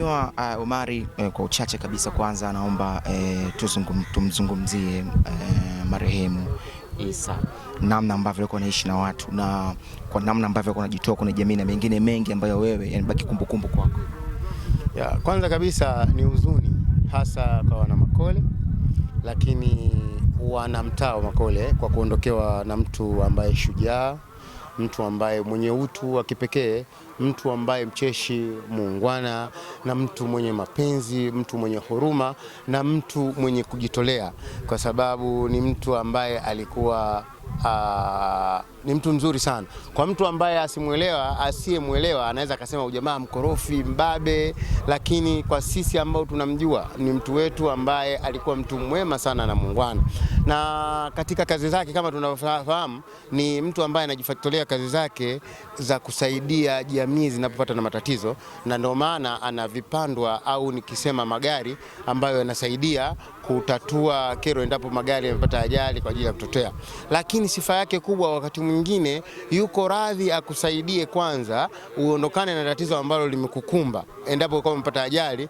Uh, Omari uh, kwa uchache kabisa, kwanza naomba uh, tumzungumzie uh, marehemu Isa, namna ambavyo alikuwa anaishi na watu na kwa namna ambavyo alikuwa anajitoa kwenye jamii na mengine mengi ambayo wewe yanabaki kumbukumbu kwako. Ya, kwanza kabisa ni huzuni hasa kwa wana Makole, lakini wana mtaa wa Makole kwa kuondokewa na mtu ambaye shujaa, mtu ambaye mwenye utu wa kipekee mtu ambaye mcheshi, muungwana na mtu mwenye mapenzi, mtu mwenye huruma na mtu mwenye kujitolea, kwa sababu ni mtu ambaye alikuwa Aa, ah, ni mtu mzuri sana kwa mtu ambaye asimwelewa asiyemwelewa anaweza akasema ujamaa mkorofi mbabe, lakini kwa sisi ambao tunamjua ni mtu wetu ambaye alikuwa mtu mwema sana na muungwana, na katika kazi zake kama tunavyofahamu ni mtu ambaye anajitolea kazi zake za kusaidia jamii jamii zinapopata na matatizo, na ndio maana anavipandwa au nikisema magari ambayo yanasaidia kutatua kero endapo magari yamepata ajali kwa ajili ya kutotea. Lakini sifa yake kubwa, wakati mwingine yuko radhi akusaidie kwanza uondokane na tatizo ambalo limekukumba. Endapo kwa umepata ajali,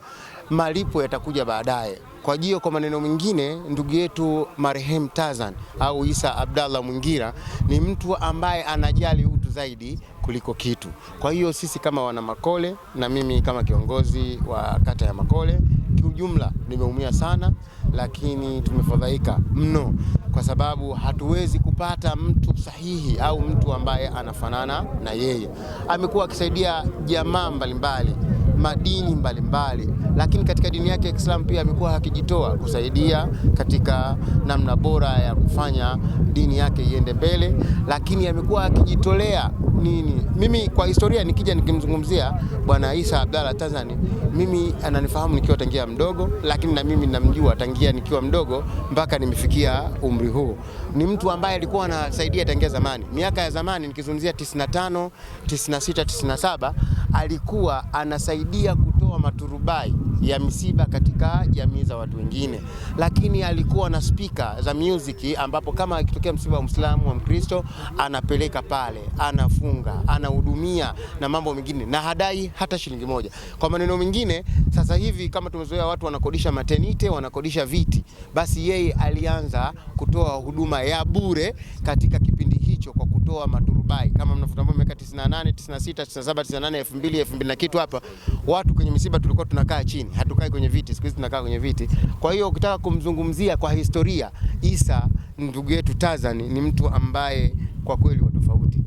malipo yatakuja baadaye. Kwa hiyo kwa maneno mengine, ndugu yetu marehemu Tazan au Isa Abdallah Mwingira ni mtu ambaye anajali utu zaidi kuliko kitu. Kwa hiyo sisi kama wana Makole na mimi kama kiongozi wa kata ya Makole kiujumla, nimeumia sana, lakini tumefadhaika mno kwa sababu hatuwezi kupata mtu sahihi au mtu ambaye anafanana na yeye. Amekuwa akisaidia jamaa mbalimbali madini mbalimbali mbali. Lakini katika dini yake ya Kiislamu pia amekuwa akijitoa kusaidia katika namna bora ya kufanya dini yake iende mbele, lakini amekuwa akijitolea nini. Mimi kwa historia nikija nikimzungumzia Bwana Isa Abdalla Tanzani, mimi ananifahamu nikiwa tangia mdogo, lakini na mimi namjua tangia nikiwa mdogo mpaka nimefikia umri huu. Ni mtu ambaye alikuwa anasaidia tangia zamani, miaka ya zamani, nikizungumzia 95, 96, 97 alikuwa anasaidia kutoa maturubai ya misiba katika jamii za watu wengine, lakini alikuwa na spika za muziki, ambapo kama akitokea msiba wa Muislamu wa Mkristo anapeleka pale, anafunga, anahudumia na mambo mengine, na hadai hata shilingi moja. Kwa maneno mengine, sasa hivi kama tumezoea watu wanakodisha matenite, wanakodisha viti, basi yeye alianza kutoa huduma ya bure katika kipindi hicho kwa kutoa maturubai kama mnavyotambua miaka 98, 96, 97, 98, 2000, 2000 na kitu hapa. Watu kwenye misiba tulikuwa tunakaa chini, hatukai kwenye viti, siku hizi tunakaa kwenye viti. Kwa hiyo ukitaka kumzungumzia kwa historia, Isa ndugu yetu Tazani ni mtu ambaye kwa kweli wa tofauti.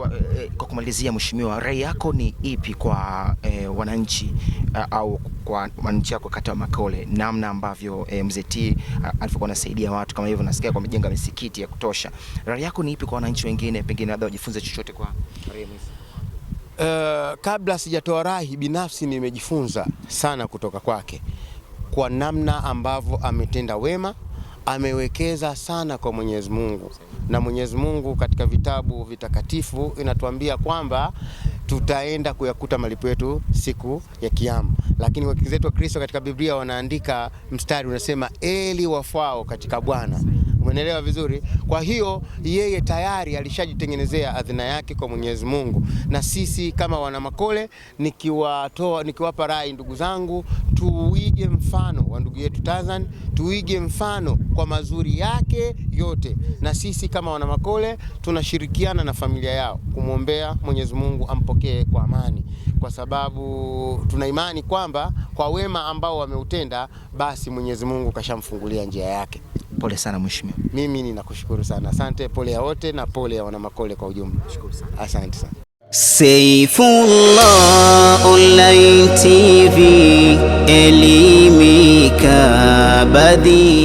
Kwa, eh, eh, kwa kumalizia mheshimiwa, rai yako ni ipi kwa eh, wananchi eh, au kwa wananchi wako kata Makole, namna ambavyo eh, mzee T eh, alivyokuwa anasaidia watu kama hivyo, nasikia wamejenga misikiti ya kutosha. Rai yako ni ipi kwa wananchi wengine, pengine labda wajifunze chochote kwa uh, kabla sijatoa rai binafsi, nimejifunza sana kutoka kwake kwa namna ambavyo ametenda wema, amewekeza sana kwa Mwenyezi Mungu na Mwenyezi Mungu katika vitabu vitakatifu inatuambia kwamba tutaenda kuyakuta malipo yetu siku ya Kiyama, lakini wakizetu wa Kristo katika Biblia wanaandika mstari unasema, eli wafao katika Bwana Umenelewa vizuri? Kwa hiyo yeye tayari alishajitengenezea adhina yake kwa Mwenyezi Mungu, na sisi kama wana Makole, nikiwatoa nikiwapa rai ndugu zangu, tuige mfano wa ndugu yetu Tazan, tuige mfano kwa mazuri yake yote, na sisi kama wana Makole tunashirikiana na familia yao kumwombea Mwenyezi Mungu ampokee kwa amani, kwa sababu tuna imani kwamba kwa wema ambao wameutenda, basi Mwenyezi Mungu kashamfungulia njia yake. Pole sana mheshimiwa. Mimi ninakushukuru sana, asante. Pole ya wote na pole ya wanamakole kwa ujumla. Asante sana. Saifullah Online TV, elimika badii.